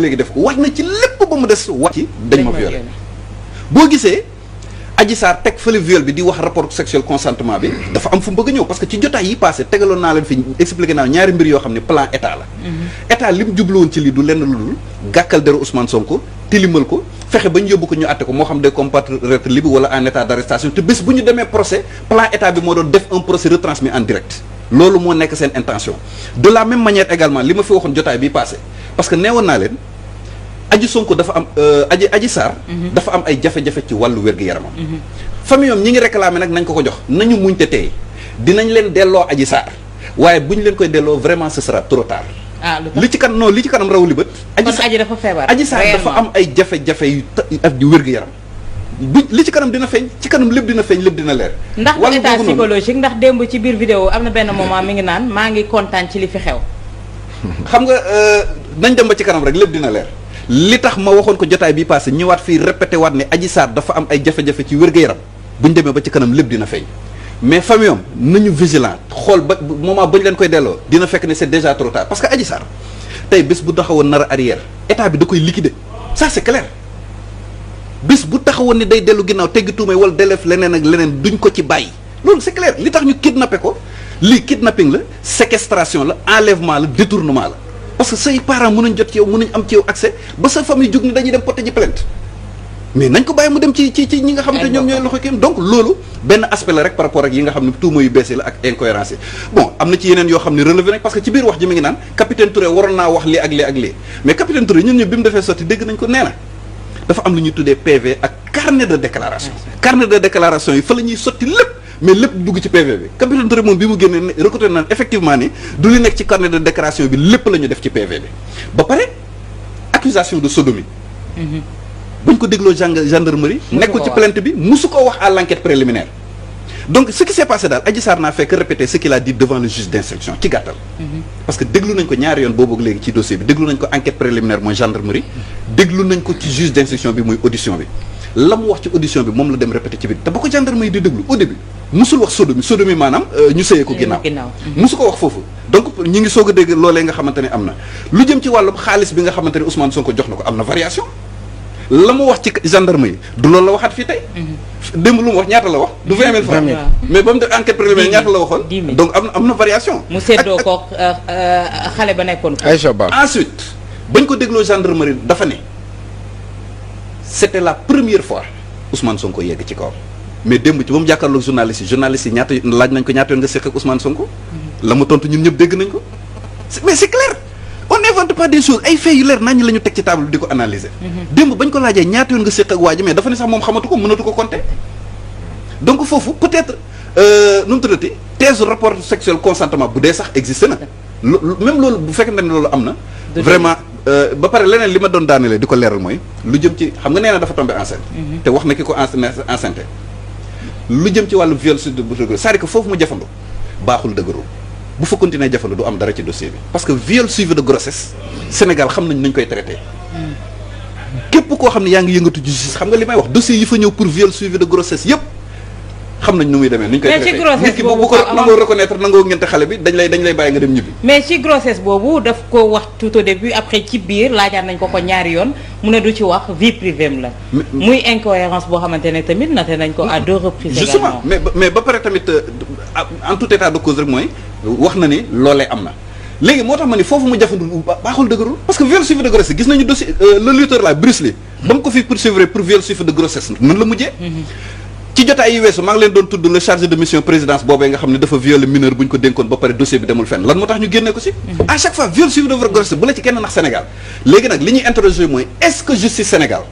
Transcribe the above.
léegi def ko wax lépp ba mu des wax ci dañ ma boo gisee Adji teg fële viol bi di wax rapport sexuel consentement bi dafa am fu mu bëgg ñëw parce que ci jotaay yi passé tegaloon naa leen fi expliqué naa ñaari mbir yoo xam ne plan état la mhm. état li mu ci lii du lenn lu dul gàkkal deru Ousmane Sonko tilimal ko fexe ba ñu yóbbu ko ñu àtte ko moo xam day comparaître libre wala en état d' te bés bu ñu demee procès plan état bi moo doon aji Sonko dafa am euh, aji aji Sarr. Mhm. dafa am ay jafe-jafe ci wàllu wér-gu-yaramam. Mhm. famille ñi ngi réclamé nag nañ ko ko jox nañu muñ te tey dinañ leen delloo aji Sarr waaye bu ñu leen koy delloo vraiment sa sera trop tard. Ah, li ci kan non li ci kanam raw li bët. aji Sarr aji dafa feebar aji Sarr dafa am ay jafe-jafe yu ak yu wér yaram bi li ci kanam dina feeñ ci kanam lépp dina feeñ lépp dina leer. ndax du état psychologique ndax démb ci biir vidéo am na benn moment mi ngi naan maa ngi kontaan ci li fi xew. xam nga euh, nañ dem ba ci kanam rek lépp dina leer li tax ma waxoon ko jotaay bi passé ñëwaat fii répété waat ne Adji Sarr dafa am ay jafe-jafe ci wér-gu-yaram buñ demee ba ci kanam lépp dina feeñ mais famille am nañu vigilant xool ba moom moment bañ leen koy delloo dina fekk ne c'est déjà trop tard parce que Adji Sarr tey bés bu taxawoon nar a arrière état bi da koy de ça c'est clair bés bu taxawoon ne day dellu ginnaaw teggi tuumay wala deleef leneen ak leneen duñ ko ci bàyyi loolu c'est clair li tax ñu kidnappé ko lii kidnapping la séquestration la enlèvement la détournement la parce que say parents mënuñ jot ci yow mënuñ am ci yow accès ba sa famille jóg ni dañuy dem porter ji mais nañ ko bàyyi mu dem ci ñi nga xam te ñoom ñooy loxo kenn donc loolu benn aspect la rek par ne tuuma yu bees la ak incohérence yi bon am na ci yeneen yoo xam ne relevé nañ parce que ci biir wax ji mi ngi naan capitaine Touré waroon naa wax lii ak lii ak lii mais capitaine Touré ñun ñu bi mu defee sotti dégg nañ ko nee dafa am lu tuddee PV ak carnet de déclaration carnet de déclaration yi fa la ñuy sotti lépp mais lepp dugg ci PVV, capitaine bi mu effectivement ni li de déclaration bi def ci accusation de sodomie mhm. buñ ko gendarmerie il ci plainte bi musu à l'enquête préliminaire donc ce qui s'est passé là, Adji Sarr fait que répéter ce qu'il a dit devant le juge d'instruction ci mhm. parce que déglu nañ ko ñaar yoon dossier enquête préliminaire moy gendarmerie déglu nañ ko mhm. juge d'instruction bi moy audition bi la wax ci audition bi la répéter ci gendarmerie au début musul wax sodomi sodomi Manam, euh, ñu ko donc ñi ngi soga dégg nga tu lu jëm ci bi nga Ousmane Sonko jox variation la wax ci gendarme du la waxat fi tay wax la wax du mais bon, def enquête préliminaire ñaata la donc amna variation ko euh, euh, ba ensuite bañ ko gendarmerie dafa c'était la première fois Ousmane Sonko yegg ci mais démb ci bamu mu jàkkaarloog journaliste journaliste ñatt ñaata laaj nañ ko ñaata nga seq Ousmane Sonko. Mhm. la mu tontu ñun ñep dégg nañ ko. mais c'est clair on n'invente pas des choses ay faits yu leer nañ la ñu ci table diko analyser. Mhm. démb bañ ko laajee ñaata yoon nga seq ak waa mais dafa ni sax mom xamatu ko mënatu ko compter. donc fofu peut-être euh mu tuddati thèse rapport sexuel consentement bu dé sax existé na. même lolu bu fekkente ne loolu am na. vraiment. Euh, ba paré lénen lima don doon diko léral moy lu jëm ci xam nga néna dafa tomber enceinte. Mhm. té wax na kiko enceinte enceinte. lu jëm ci wàllu viol sur dëgg c'est-à-dire que foofu mu jafandu baaxul dëgëru bu fa continuer jafandu du am dara ci dossier bi parce que viol suivi de grossesse Sénégal xam nañ nañ koy traité hmm. képp koo xam ne yaa ngi yëngatu justice xam nga li may wax dossier yi fa ñëw pour viol suivi de grossesse yépp xam nañ nu muy demee. niñ koy defee mais boobu ko nangoo reconnaître nangoo ngente xale bi dañ lay bàyyi nga dem ñibbi. mais ci grossesse boobu daf ko wax tout au début après ci biir laajaan nañ ko ko ñaari yoon mu ne du ci wax vie privée la. muy incohérence boo xamante ne tamit noté nañ ko à deux reprises. justement mais mais ba pare tamit euh, en tout état de cause rek mooy wax na ni loolee am na. léegi moo tax ma ni foofu mu jafandu baaxul dëgërul parce que viol euh, la ci jotaay yi weesu maa ngi leen doon tudd le chargé de mission présidence boobee nga xam ne dafa violé mineur bu ñu ko dénkoon ba pare dossier bi demul fenn lan moo tax ñu génnee ko si mhm. à chaque fois viol suivi de grossesse bu la ci kenn nax Sénégal léegi nag li ñuy interroger mooy est-ce que justice Sénégal